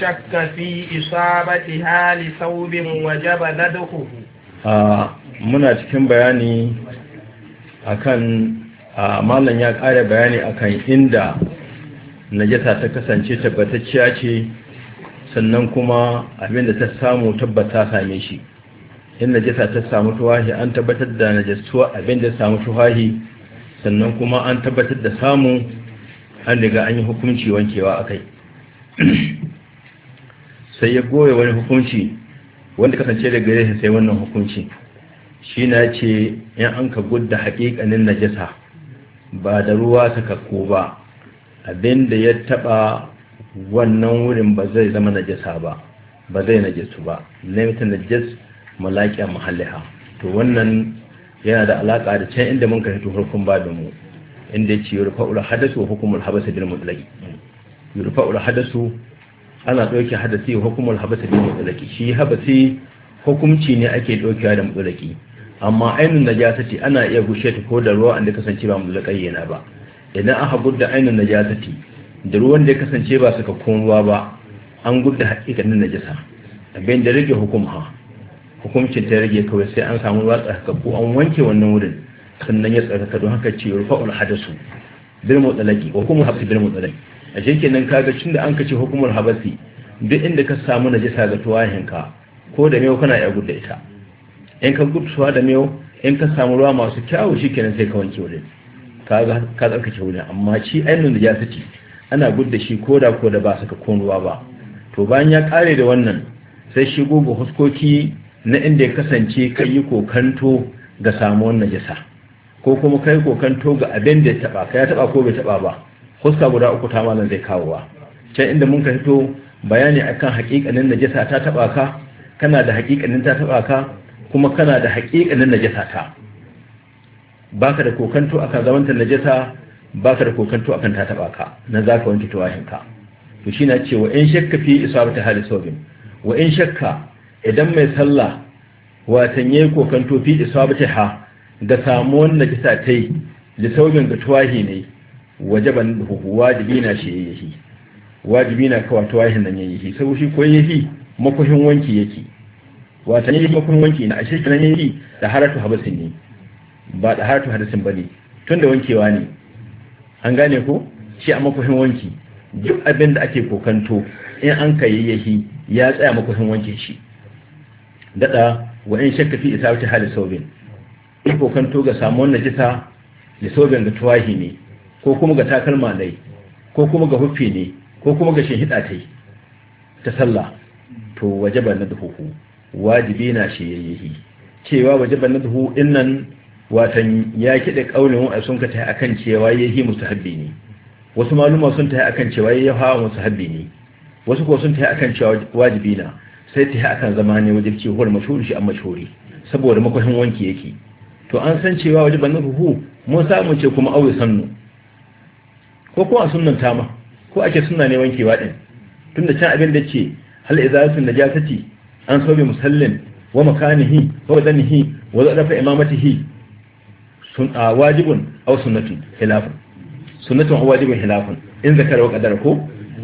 shakka fi isabati hali وجب wajaba nadhuhu a muna cikin bayani akan mallan ya kare bayani akan inda najasa ta kasance tabbatacciya ce sannan kuma abinda ta samu tabbata same shi in najasa ta samu tuwahi an tabbatar da najasuwa abinda ta samu tuwahi sannan kuma an tabbatar da samu an daga an yi hukunci wankewa a kai sai ya goye wani hukunci wanda kasance da gare shi sai wannan hukunci shi na ce yan an ka gudda haƙiƙanin najasa ba da ruwa kakko ba abinda ya taɓa wannan wurin ba zai zama najasa ba ba zai najasu ba limita najas malaƙiya mahalliha to wannan yana da alaƙa da can inda mun karatu ba da mu inda ya ce yurfa'ul hadasu wa hukumul habasa bil mutlaqi yurfa'ul hadasu ana ɗauke hadasi wa hukumar habasa da mutsalaki shi habasi hukumci ne ake ɗauke da mutsalaki amma ainihin najasati ana iya gushe ta ko da ruwa an da kasance ba mutsalaki yana ba idan aka gudda ainihin najasati da ruwan da ya kasance ba suka ruwa ba an gudda hakikanin najasa abin da rage hukumha hukumcin ta rage kawai sai an samu ruwa tsarkaku an wanke wannan wurin sannan ya tsarkaka don haka ce rufa'ul hadasu bil mutsalaki wa kuma hafi bil mutsalaki a kenan kaga tun da an kace hukumar habasi duk inda ka samu jisa ga tuwahinka ko da mewa kana yagu da ita in ka gutsuwa da mewa in ka samu ruwa masu kyawu shikenan sai ka wanke wurin kaga ka tsarkake wurin amma shi ainihin ya ce ana gudda shi da ko da ba saka konuwa ba to bayan ya kare da wannan sai shi gogo huskoki na inda ya kasance kai yi kokanto ga samuwar najasa ko kuma kai kokanto ga abin da ya taba ka ya taba ko bai taba ba fuska guda uku ta malam zai kawo wa? can inda mun ka fito bayani akan hakikanin najasa ta taba ka kana da hakikanin ta taba ka kuma kana da hakikanin najasa ta baka da kokanto akan zamanta najasa baka da kokanto akan ta taba ka na zaka wanke tuwahin ka to shi na ce wa in shakka fi isabata hali sobin wa in shakka idan mai sallah wa yayi kokanto fi isabata ha da samuwan najasa tai da saubin ga tuwahi ne wajaban hufu wajibi na shi ya yi wajibi na kawa tawahin nan ya yi sau shi ko ya yi makwashin wanki yake wata ne makwashin wanki na ashe kenan ya yi da haratu habasin ne ba da haratu hadasin ba ne tun da wankewa ne an gane ko shi a makwashin wanki duk abin da ake kokanto in an ka yayyahi ya tsaya makwashin wanki shi dada wa in shakka fi isa wata hali saubin in kokanto ga samuwan najisa da saubin ga tuwahi ne ko kuma ga takalma ne ko kuma ga huffi ne ko kuma ga shehida tai ta sallah to wajaba na duhu wajibi na shiyayyehi cewa wajaba na duhu dinnan watan ya kida kaulin wa sun ka akan cewa yahi mustahabbi ne wasu maluma sun ta akan cewa yahi hawa mustahabbi ne wasu ko sun ta akan cewa wajibi na sai ta akan zama ne wajibci huwar mashhuri shi an mashhuri saboda makoshin wanki yake to an san cewa wajiban ruhu mun samu ce kuma aure sannu ko ko a sunnan ta ma ko ake sunna ne wankewa din tunda can abin da ce hal izalatun najasati an sobe musallin wa makanihi wa wadanihi wa zadafa imamatihi sun a wajibun aw sunatu khilafun sunatu aw wajibun khilafun in zakar wa qadara ko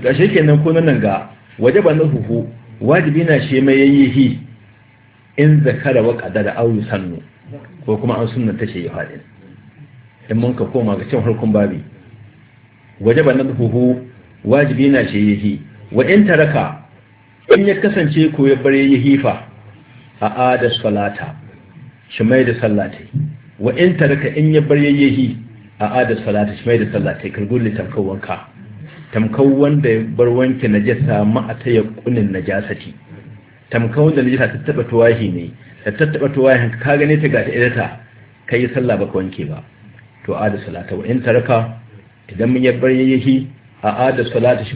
ga shi kenan ko nan ga wajiban huhu wajibi na shi mai hi in zakar wa qadara aw yusannu ko kuma an sunnanta shi ya haɗin in mun ka koma ga cin harkun babi wajaba nadhuhu wajibi na shi yi wa in taraka in ya kasance ko ya bare yahi fa a ada salata shi mai da sallata wa in taraka in ya bare yahi a ada salata shi mai da sallata kalgulli tamkawanka tamkau wanda ya bar wanke najasa ma a taya kunin najasati tamkau da najasa ta taba tuwahi ne ta tattaba Tuwahi ka gane ta ga ta idata kai sallah baka wanke ba to ada salata wa in taraka idan mun yabbar yayi a ada salatu shi